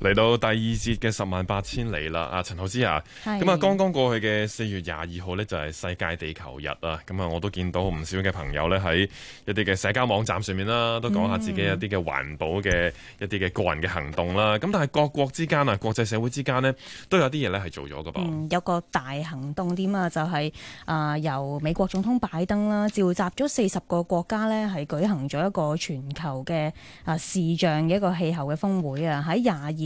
嚟到第二節嘅十萬八千里啦，啊，陳浩之啊，咁啊是，剛剛過去嘅四月廿二號咧，就係、是、世界地球日啊，咁、嗯、啊，我都見到唔少嘅朋友咧喺一啲嘅社交網站上面啦，都講下自己一啲嘅環保嘅、嗯、一啲嘅個人嘅行動啦。咁但係各國之間啊，國際社會之間咧，都有啲嘢咧係做咗嘅噃。嗯，有一個大行動點啊，就係、是、啊、呃，由美國總統拜登啦召集咗四十個國家咧，係舉行咗一個全球嘅啊、呃、視像嘅一個氣候嘅峰會啊，喺廿二。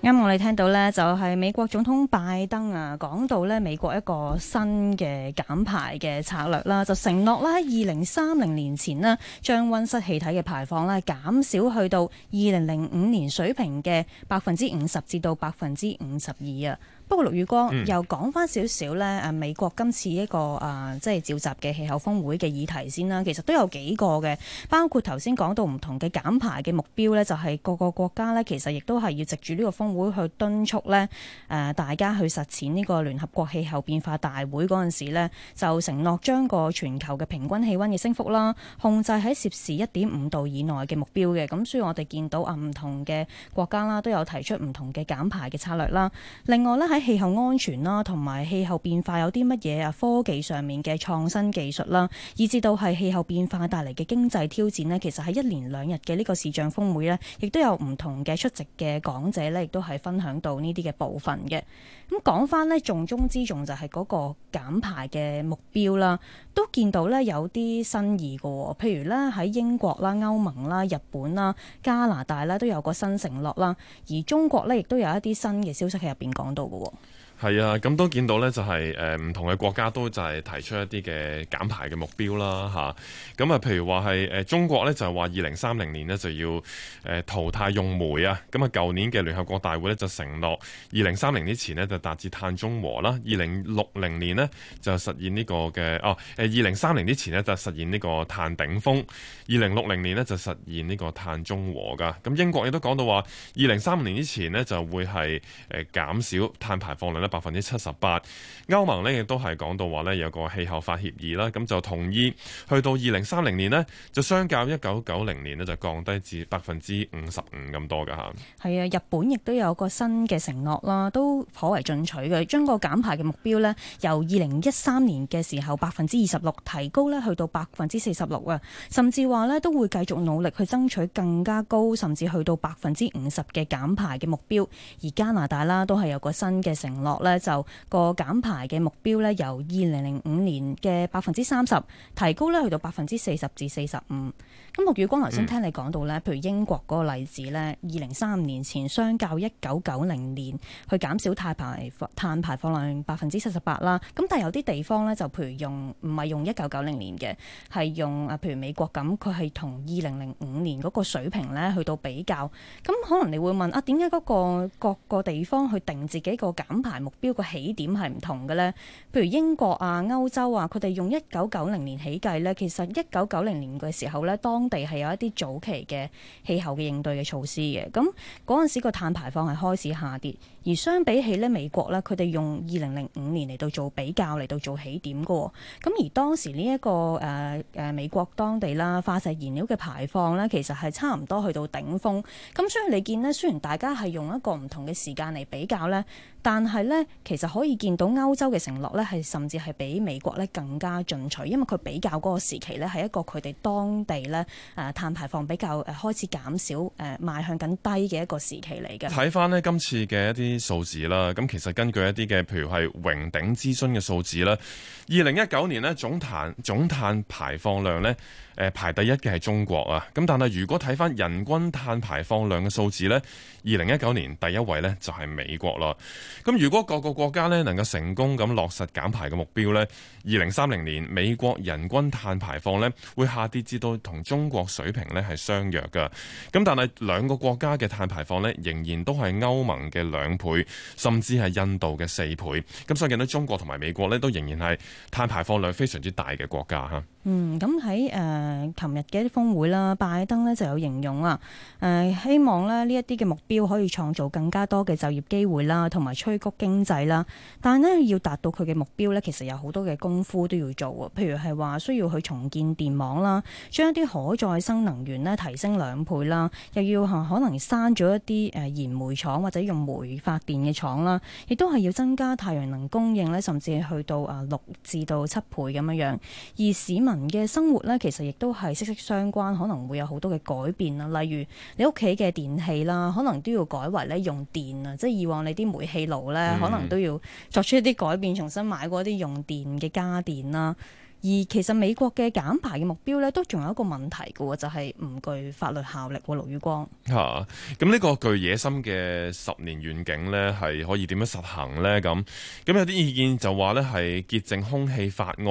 啱我哋聽到咧，就係美國總統拜登啊，講到咧美國一個新嘅減排嘅策略啦，就承諾啦喺二零三零年前咧，將温室氣體嘅排放咧減少去到二零零五年水平嘅百分之五十至到百分之五十二啊。不過陸宇光又講翻少少呢，誒美國今次一個誒、啊、即係召集嘅氣候峰會嘅議題先啦，其實都有幾個嘅，包括頭先講到唔同嘅減排嘅目標呢就係、是、各個國家呢，其實亦都係要藉住呢個峰會去敦促呢，誒大家去實踐呢個聯合國氣候變化大會嗰陣時咧就承諾將個全球嘅平均氣温嘅升幅啦控制喺攝氏一點五度以內嘅目標嘅。咁所以我哋見到啊唔同嘅國家啦都有提出唔同嘅減排嘅策略啦，另外呢，喺氣候安全啦，同埋氣候變化有啲乜嘢啊？科技上面嘅創新技術啦，以至到係氣候變化帶嚟嘅經濟挑戰呢。其實喺一連兩日嘅呢個視像峰會呢，亦都有唔同嘅出席嘅講者呢，亦都係分享到呢啲嘅部分嘅。咁講翻呢，重中之重就係嗰個減排嘅目標啦。都見到咧有啲新意㗎，譬如咧喺英國啦、歐盟啦、日本啦、加拿大啦，都有個新承諾啦，而中國咧亦都有一啲新嘅消息喺入邊講到㗎。係啊，咁都見到呢、就係，就係唔同嘅國家都就係提出一啲嘅減排嘅目標啦吓，咁啊，譬如話係、呃、中國呢，就係話二零三零年呢就要誒、呃、淘汰用煤啊。咁啊，舊年嘅聯合國大會呢就承諾二零三零之前呢就達至碳中和啦。二零六零年呢就實現呢、呢個嘅哦，誒二零三零之前呢就實現呢個碳頂峰，二零六零年呢就實現呢個碳中和噶。咁英國亦都講到話二零三五年之前呢就會係誒減少碳排放量啦。百分之七十八，歐盟呢亦都係講到話呢，有個氣候法協議啦，咁就同意去到二零三零年呢，就相較一九九零年呢，就降低至百分之五十五咁多㗎吓。係啊，日本亦都有個新嘅承諾啦，都頗為進取嘅，將個減排嘅目標呢，由二零一三年嘅時候百分之二十六提高呢，去到百分之四十六啊，甚至話呢，都會繼續努力去爭取更加高，甚至去到百分之五十嘅減排嘅目標。而加拿大啦都係有個新嘅承諾。咧，就個減排嘅目標咧，由二零零五年嘅百分之三十提高咧，去到百分之四十至四十五。咁陸宇光頭先、嗯、聽你講到咧，譬如英國嗰個例子咧，二零三五年前相較一九九零年，去減少碳排放，碳排放量百分之七十八啦。咁但係有啲地方咧，就譬如用唔係用一九九零年嘅，係用啊，譬如美國咁，佢係同二零零五年嗰個水平咧，去到比較。咁可能你會問啊，點解嗰個各個地方去定自己個減排目標個起點係唔同嘅呢。譬如英國啊、歐洲啊，佢哋用一九九零年起計呢。其實一九九零年嘅時候呢，當地係有一啲早期嘅氣候嘅應對嘅措施嘅，咁嗰陣時個碳排放係開始下跌。而相比起咧美國咧，佢哋用二零零五年嚟到做比較嚟到做起點嘅。咁而當時呢、這、一個誒誒、呃、美國當地啦，化石燃料嘅排放咧，其實係差唔多去到頂峰。咁所以你見咧，雖然大家係用一個唔同嘅時間嚟比較咧，但係咧其實可以見到歐洲嘅承諾咧係甚至係比美國咧更加進取，因為佢比較嗰個時期咧係一個佢哋當地咧誒碳排放比較誒開始減少誒邁向緊低嘅一個時期嚟嘅。睇翻咧今次嘅一啲。數字啦，咁其實根據一啲嘅，譬如係榮鼎諮詢嘅數字啦，二零一九年呢總碳總碳排放量呢。誒排第一嘅係中國啊，咁但係如果睇翻人均碳排放量嘅數字呢，二零一九年第一位呢就係美國囉。咁如果各個國家呢能夠成功咁落實減排嘅目標呢，二零三零年美國人均碳排放呢會下跌至到同中國水平呢係相若㗎。咁但係兩個國家嘅碳排放呢仍然都係歐盟嘅兩倍，甚至係印度嘅四倍。咁所以見到中國同埋美國呢都仍然係碳排放量非常之大嘅國家吓。嗯，咁喺誒琴日嘅一啲峰會啦，拜登咧就有形容啊，誒、呃、希望咧呢一啲嘅目標可以創造更加多嘅就業機會啦，同埋催谷經濟啦。但係咧要達到佢嘅目標咧，其實有好多嘅功夫都要做，譬如係話需要去重建電網啦，將一啲可再生能源咧提升兩倍啦，又要可能刪咗一啲誒燃煤廠或者用煤發電嘅廠啦，亦都係要增加太陽能供應咧，甚至去到啊六至到七倍咁樣樣。而市民人嘅生活咧，其實亦都係息息相關，可能會有好多嘅改變啦。例如你屋企嘅電器啦，可能都要改為咧用電啊，即係以往你啲煤氣爐咧，可能都要作出一啲改變，嗯、重新買過一啲用電嘅家電啦。而其實美國嘅減排嘅目標咧，都仲有一個問題嘅喎，就係、是、唔具法律效力喎。盧宇光嚇，咁呢、啊、個具野心嘅十年願景呢，係可以點樣實行呢？咁咁有啲意見就話呢，係《潔淨空氣法案》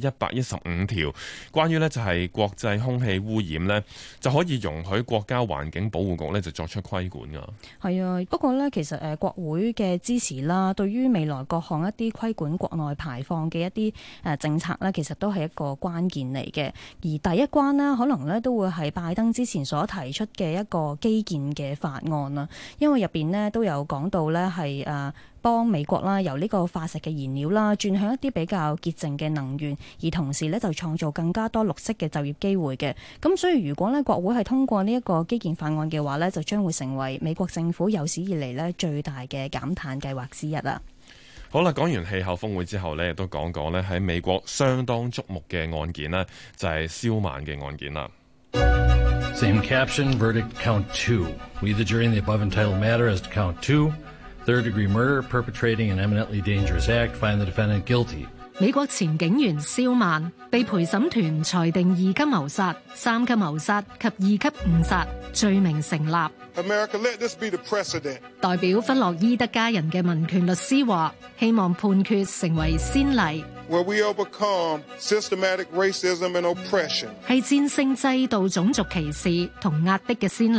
第一百一十五條，關於呢，就係、是、國際空氣污染呢，就可以容許國家環境保護局呢就作出規管㗎。係啊，不過呢，其實誒、呃、國會嘅支持啦，對於未來各項一啲規管國內排放嘅一啲誒、呃、政策呢。其實～都係一個關鍵嚟嘅，而第一關呢，可能呢都會係拜登之前所提出嘅一個基建嘅法案啦，因為入邊呢都有講到呢，係誒幫美國啦由呢個化石嘅燃料啦，轉向一啲比較潔淨嘅能源，而同時呢就創造更加多綠色嘅就業機會嘅。咁所以如果呢國會係通過呢一個基建法案嘅話呢，就將會成為美國政府有史以嚟呢最大嘅減碳計劃之一啦。好啦，講完氣候峰會之後咧，亦都講講咧喺美國相當矚目嘅案件啦，就係肖萬嘅案件啦。Same caption, 美國前警員肖萬被陪審團裁定二級謀殺、三級謀殺及二級誤殺罪名成立。America, 代表弗洛伊德家人嘅民權律師話：希望判決成為先例，係、well, we 戰勝制度種族歧視同壓迫嘅先例。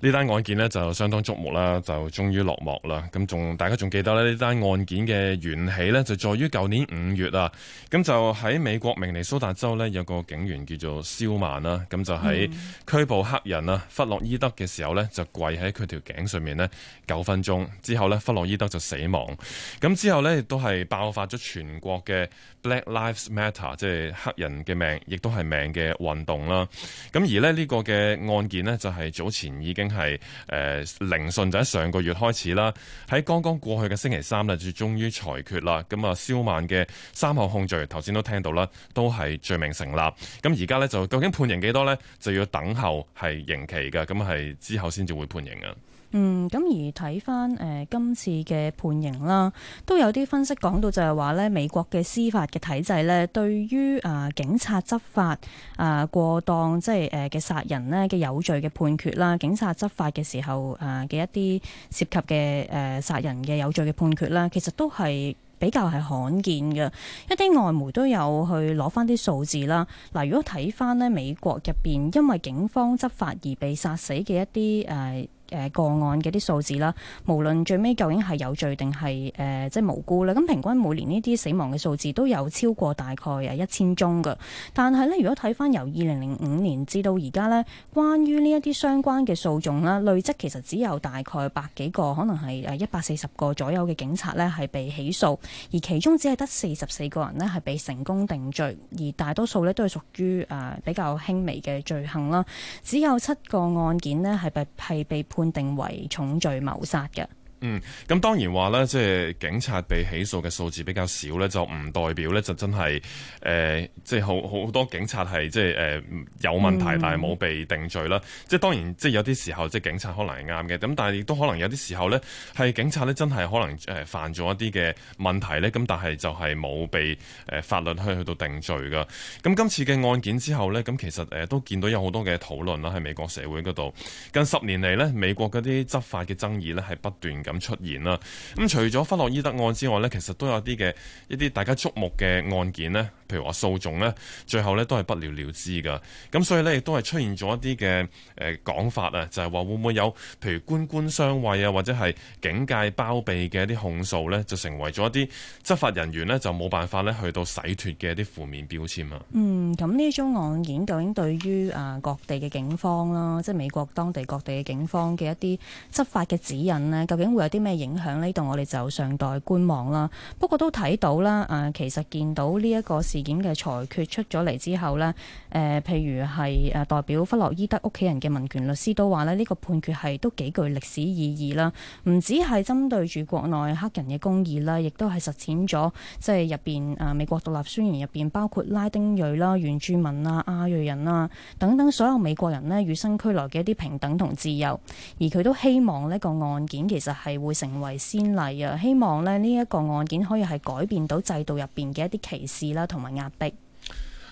呢單案件咧就相當矚目啦，就終於落幕啦。咁仲大家仲記得咧？呢單案件嘅緣起咧，就在於舊年五月啦，咁就喺美國明尼蘇達州咧，有個警員叫做肖萬啦。咁就喺拘捕黑人啊弗洛伊德嘅時候咧，就跪喺佢條頸上面咧九分鐘之後咧，弗洛伊德就死亡。咁之後咧，亦都係爆發咗全國嘅 Black Lives Matter，即係黑人嘅命，亦都係命嘅運動啦。咁而咧呢個嘅案件咧，就係早前已經。係誒，聆、呃、訊就喺上個月開始啦，喺剛剛過去嘅星期三呢，就終於裁決啦。咁、嗯、啊，肖萬嘅三項控罪，頭先都聽到啦，都係罪名成立。咁而家呢，就究竟判刑幾多呢？就要等候係刑期嘅，咁、嗯、係之後先至會判刑嘅。嗯，咁而睇翻、呃、今次嘅判刑啦，都有啲分析講到就係話呢，美國嘅司法嘅體制呢，對於啊警察執法啊過當即係誒嘅殺人呢嘅有罪嘅判決啦，警察執法嘅、呃呃、時候啊嘅、呃、一啲涉及嘅誒殺人嘅有罪嘅判決啦，其實都係比較係罕見嘅。一啲外媒都有去攞翻啲數字啦。嗱、呃，如果睇翻呢，美國入邊，因為警方執法而被殺死嘅一啲誒個案嘅啲數字啦，無論最尾究竟係有罪定係、呃、即係無辜啦，咁平均每年呢啲死亡嘅數字都有超過大概一千宗㗎。但係呢，如果睇翻由二零零五年至到而家呢，關於呢一啲相關嘅訴訟啦，累積其實只有大概百幾個，可能係誒一百四十個左右嘅警察呢係被起訴，而其中只係得四十四個人呢係被成功定罪，而大多數呢都係屬於誒比較輕微嘅罪行啦。只有七個案件呢係被係被判定為重罪謀殺嘅。嗯，咁當然話咧，即係警察被起訴嘅數字比較少咧，就唔代表咧就真係誒，即係好好多警察係即係誒有問題，但係冇被定罪啦。即係、嗯、當然，即係有啲時候即係警察可能係啱嘅，咁但係亦都可能有啲時候咧係警察咧真係可能誒犯咗一啲嘅問題咧，咁但係就係冇被誒法律去去到定罪噶。咁今次嘅案件之後咧，咁其實都見到有好多嘅討論啦，喺美國社會嗰度近十年嚟咧，美國嗰啲執法嘅爭議咧係不斷，咁出現啦，咁除咗弗洛伊德案之外呢，其實都有啲嘅一啲大家觸目嘅案件呢，譬如話訴訟呢，最後呢都係不了了之㗎。咁所以呢，亦都係出現咗一啲嘅誒講法啊，就係話會唔會有譬如官官相衛啊，或者係警界包庇嘅一啲控訴呢，就成為咗一啲執法人員呢，就冇辦法呢去到洗脫嘅一啲負面標籤啊。嗯，咁呢宗案件究竟對於啊各地嘅警方啦，即係美國當地各地嘅警方嘅一啲執法嘅指引呢，究竟？會有啲咩影響呢？度我哋就尚待觀望啦。不過都睇到啦，誒，其實見到呢一個事件嘅裁決出咗嚟之後呢，誒、呃，譬如係誒代表弗洛伊德屋企人嘅民權律師都話呢，呢、呢個判決係都幾具歷史意義啦。唔止係針對住國內黑人嘅公義啦，亦都係實踐咗即係入邊誒美國獨立宣言入邊包括拉丁裔啦、原住民啦、亞裔人啦等等所有美國人呢與生俱來嘅一啲平等同自由。而佢都希望呢個案件其實係。係會成為先例啊，希望咧呢一個案件可以係改變到制度入邊嘅一啲歧視啦，同埋壓迫。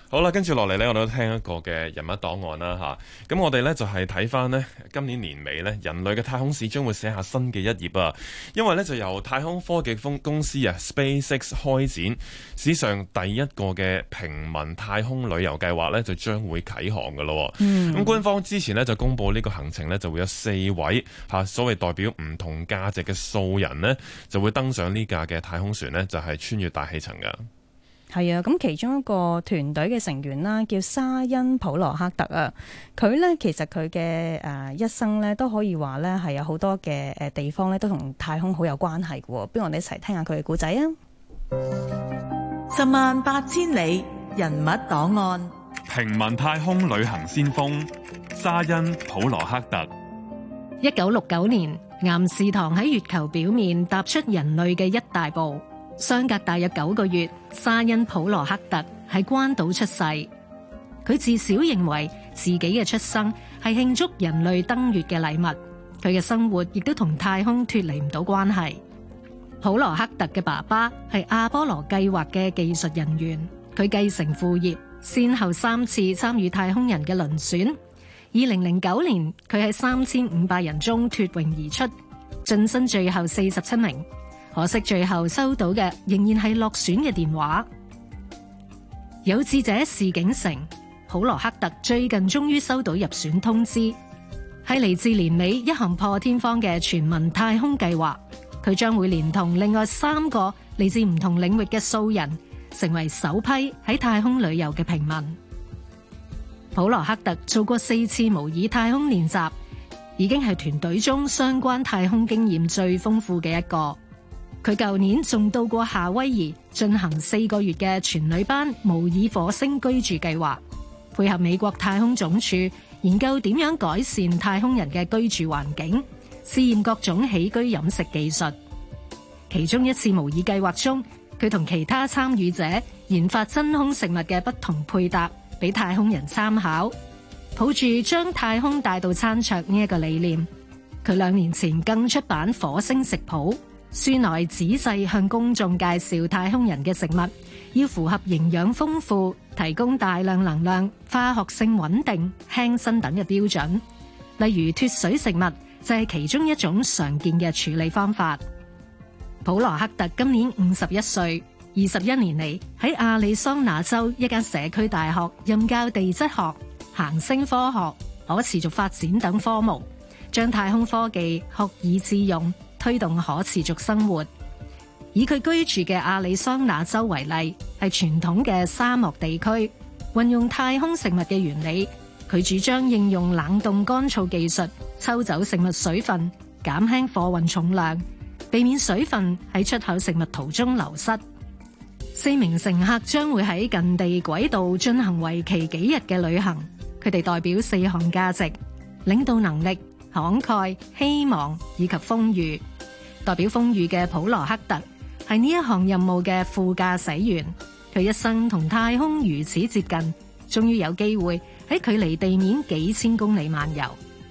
好啦，跟住落嚟呢，我哋都聽一個嘅人物檔案啦，吓、啊、咁我哋呢，就係睇翻呢今年年尾呢，人類嘅太空史將會寫下新嘅一頁啊！因為呢，就由太空科技公公司啊 SpaceX 開展史上第一個嘅平民太空旅遊計劃呢，就將會啟航噶咯。咁、嗯啊、官方之前呢，就公布呢個行程呢，就會有四位吓、啊、所謂代表唔同價值嘅素人呢，就會登上呢架嘅太空船呢，就係、是、穿越大氣層噶。係啊，咁其中一個團隊嘅成員啦，叫沙恩普羅克特啊。佢呢，其實佢嘅誒一生呢，都可以話呢，係有好多嘅誒地方呢，都同太空好有關係嘅。不如我哋一齊聽下佢嘅故仔啊！十萬八千里人物檔案，平民太空旅行先鋒沙恩普羅克特。一九六九年，岩士堂喺月球表面踏出人類嘅一大步。相隔大約九個月，沙恩普羅克特喺關島出世。佢自小認為自己嘅出生係慶祝人類登月嘅禮物。佢嘅生活亦都同太空脫離唔到關係。普羅克特嘅爸爸係阿波羅計劃嘅技術人員，佢繼承父業，先後三次參與太空人嘅輪選。二零零九年，佢喺三千五百人中脫穎而出，晉身最後四十七名。可惜最後收到嘅仍然係落選嘅電話。有志者事竟成，普羅克特最近終於收到入選通知。係嚟自年尾一項破天荒嘅全民太空計劃，佢將會連同另外三個嚟自唔同領域嘅素人，成為首批喺太空旅遊嘅平民。普羅克特做過四次模擬太空練習，已經係團隊中相關太空經驗最豐富嘅一個。佢舊年仲到過夏威夷進行四個月嘅全女班模擬火星居住計劃，配合美國太空總署研究點樣改善太空人嘅居住環境，試驗各種起居飲食技術。其中一次模擬計劃中，佢同其他參與者研發真空食物嘅不同配搭，俾太空人參考。抱住將太空帶到餐桌呢一個理念，佢兩年前更出版《火星食譜》。書內仔細向公眾介紹太空人嘅食物，要符合營養豐富、提供大量能量、化學性穩定、輕身等嘅標準。例如脫水食物就係其中一種常見嘅處理方法。普羅克特今年五十一歲，二十一年嚟喺亞利桑那州一間社區大學任教地質學、行星科學、可持續發展等科目，將太空科技學以致用。推動可持續生活，以佢居住嘅亞利桑那州為例，係傳統嘅沙漠地區。運用太空食物嘅原理，佢主張應用冷凍乾燥技術，抽走食物水分，減輕貨運重量，避免水分喺出口食物途中流失。四名乘客將會喺近地軌道進行為期幾日嘅旅行，佢哋代表四項價值：領導能力、慷慨、希望以及風雨，代表風雨嘅普羅克特係呢一行任務嘅副駕駛員。佢一生同太空如此接近，終於有機會喺距離地面幾千公里漫遊，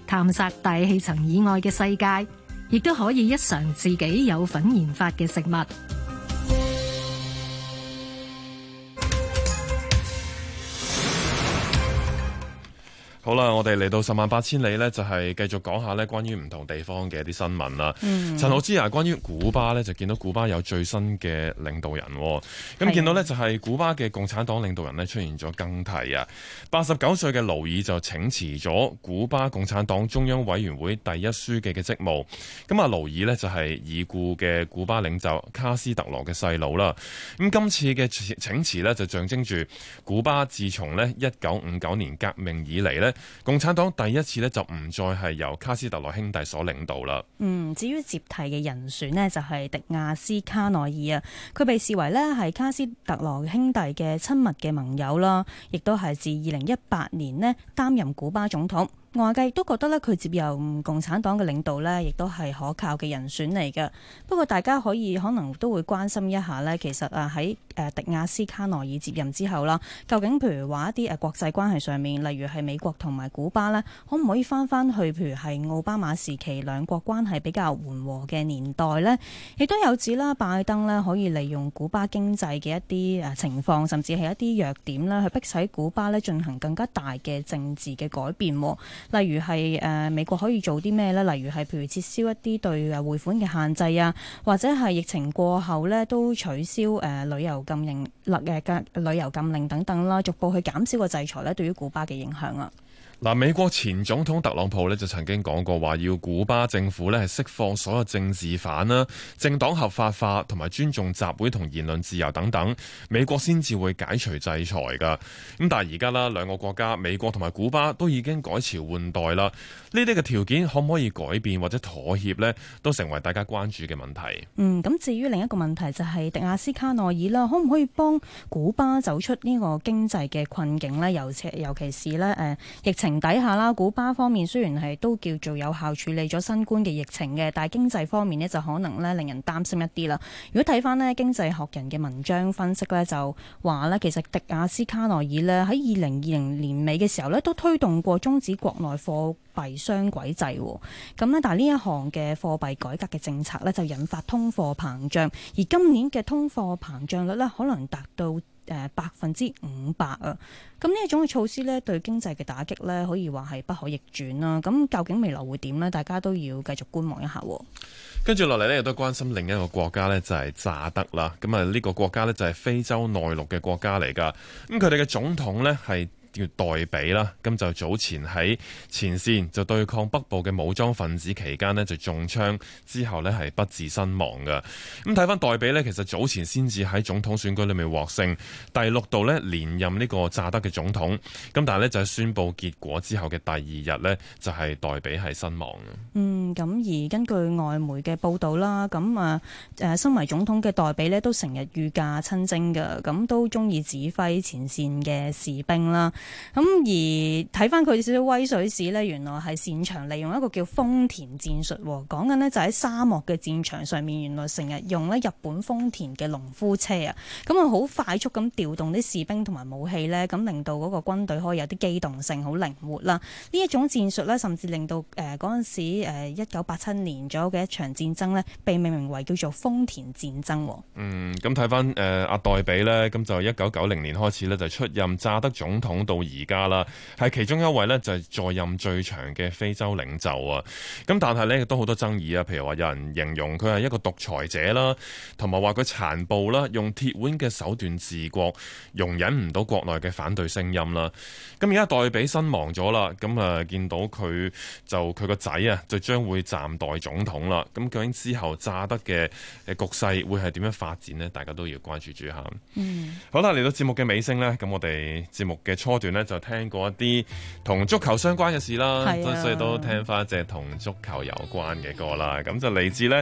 探索大氣層以外嘅世界，亦都可以一嘗自己有份研發嘅食物。好啦，我哋嚟到十萬八千里呢，就係、是、繼續講下呢關於唔同地方嘅啲新聞啦。嗯、陳浩之啊，關於古巴呢，嗯、就見到古巴有最新嘅領導人。咁的見到呢，就係古巴嘅共產黨領導人呢，出現咗更替啊！八十九歲嘅勞爾就請辭咗古巴共產黨中央委員會第一書記嘅職務。咁啊，勞爾呢，就係已故嘅古巴領袖卡斯特羅嘅細佬啦。咁今次嘅請辭呢，就象徵住古巴自從呢一九五九年革命以嚟呢。共產黨第一次呢，就唔再係由卡斯特羅兄弟所領導啦。嗯，至於接替嘅人選呢，就係迪亞斯卡內爾啊，佢被視為呢係卡斯特羅兄弟嘅親密嘅盟友啦，亦都係自二零一八年呢擔任古巴總統。外界亦都覺得呢，佢接任共產黨嘅領導呢，亦都係可靠嘅人選嚟嘅。不過大家可以可能都會關心一下呢，其實啊喺。迪亞斯卡內爾接任之後啦，究竟譬如話一啲誒國際關係上面，例如係美國同埋古巴呢，可唔可以翻翻去譬如係奧巴馬時期兩國關係比較緩和嘅年代呢，亦都有指啦，拜登呢可以利用古巴經濟嘅一啲誒情況，甚至係一啲弱點啦，去迫使古巴呢進行更加大嘅政治嘅改變。例如係誒美國可以做啲咩呢？例如係譬如撤銷一啲對匯款嘅限制啊，或者係疫情過後呢都取消、呃、旅遊。禁令、呃、旅遊禁令等等啦，逐步去減少個制裁咧，對於古巴嘅影響啊。嗱，美國前總統特朗普咧就曾經講過話，要古巴政府咧係釋放所有政治犯啦、政黨合法化同埋尊重集會同言論自由等等，美國先至會解除制裁㗎。咁但係而家啦，兩個國家美國同埋古巴都已經改朝換代啦，呢啲嘅條件可唔可以改變或者妥協呢？都成為大家關注嘅問題。嗯，咁至於另一個問題就係迪亞斯卡內爾啦，可唔可以幫古巴走出呢個經濟嘅困境呢？尤其尤其是、呃、疫情情底下啦，古巴方面雖然係都叫做有效處理咗新冠嘅疫情嘅，但係經濟方面咧就可能咧令人擔心一啲啦。如果睇翻咧《經濟學人》嘅文章分析咧，就話咧其實迪亞斯卡內爾咧喺二零二零年尾嘅時候咧都推動過終止國內貨幣雙軌制，咁咧，但係呢一項嘅貨幣改革嘅政策咧就引發通貨膨脹，而今年嘅通貨膨脹率咧可能達到。誒百分之五百啊！咁呢一種嘅措施呢，對經濟嘅打擊呢，可以話係不可逆轉啦。咁究竟未來會點呢？大家都要繼續觀望一下。跟住落嚟呢，亦都關心另一個國家呢，就係乍得啦。咁、嗯、啊，呢個國家呢，就係非洲內陸嘅國家嚟噶。咁佢哋嘅總統呢，係。叫代比啦，咁就早前喺前線就對抗北部嘅武裝分子期間呢，就中槍之後呢，係不治身亡嘅。咁睇翻代比呢，其實早前先至喺總統選舉裏面獲勝，第六度呢連任呢個乍得嘅總統。咁但係呢，就係宣布結果之後嘅第二日呢，就係代比係身亡嘅。嗯，咁而根據外媒嘅報道啦，咁啊誒，身為總統嘅代比呢，都成日御駕親征噶，咁都中意指揮前線嘅士兵啦。咁而睇翻佢少少威水史呢，原來係擅長利用一個叫豐田戰術，講緊呢，就喺沙漠嘅戰場上面，原來成日用咧日本豐田嘅農夫車啊，咁佢好快速咁調動啲士兵同埋武器呢，咁令到嗰個軍隊可以有啲機動性，好靈活啦。呢一種戰術呢，甚至令到誒嗰陣時一九八七年左右嘅一場戰爭呢，被命名為叫做豐田戰爭。嗯，咁睇翻誒阿代比呢，咁就一九九零年開始呢，就出任乍得總統度到而家啦，係其中一位呢，就係在任最長嘅非洲領袖啊。咁但係呢，亦都好多爭議啊。譬如話有人形容佢係一個獨裁者啦，同埋話佢殘暴啦，用鐵腕嘅手段治國，容忍唔到國內嘅反對聲音啦。咁而家代比身亡咗啦，咁啊見到佢就佢個仔啊就將會暫代總統啦。咁究竟之後乍得嘅誒局勢會係點樣發展呢？大家都要關注住下。嗯，好啦，嚟到節目嘅尾聲呢，咁我哋節目嘅初段咧就聽過一啲同足球相關嘅事啦，啊、所以都聽翻隻同足球有關嘅歌啦。咁就嚟自咧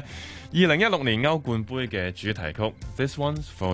二零一六年歐冠盃嘅主題曲 This One's For。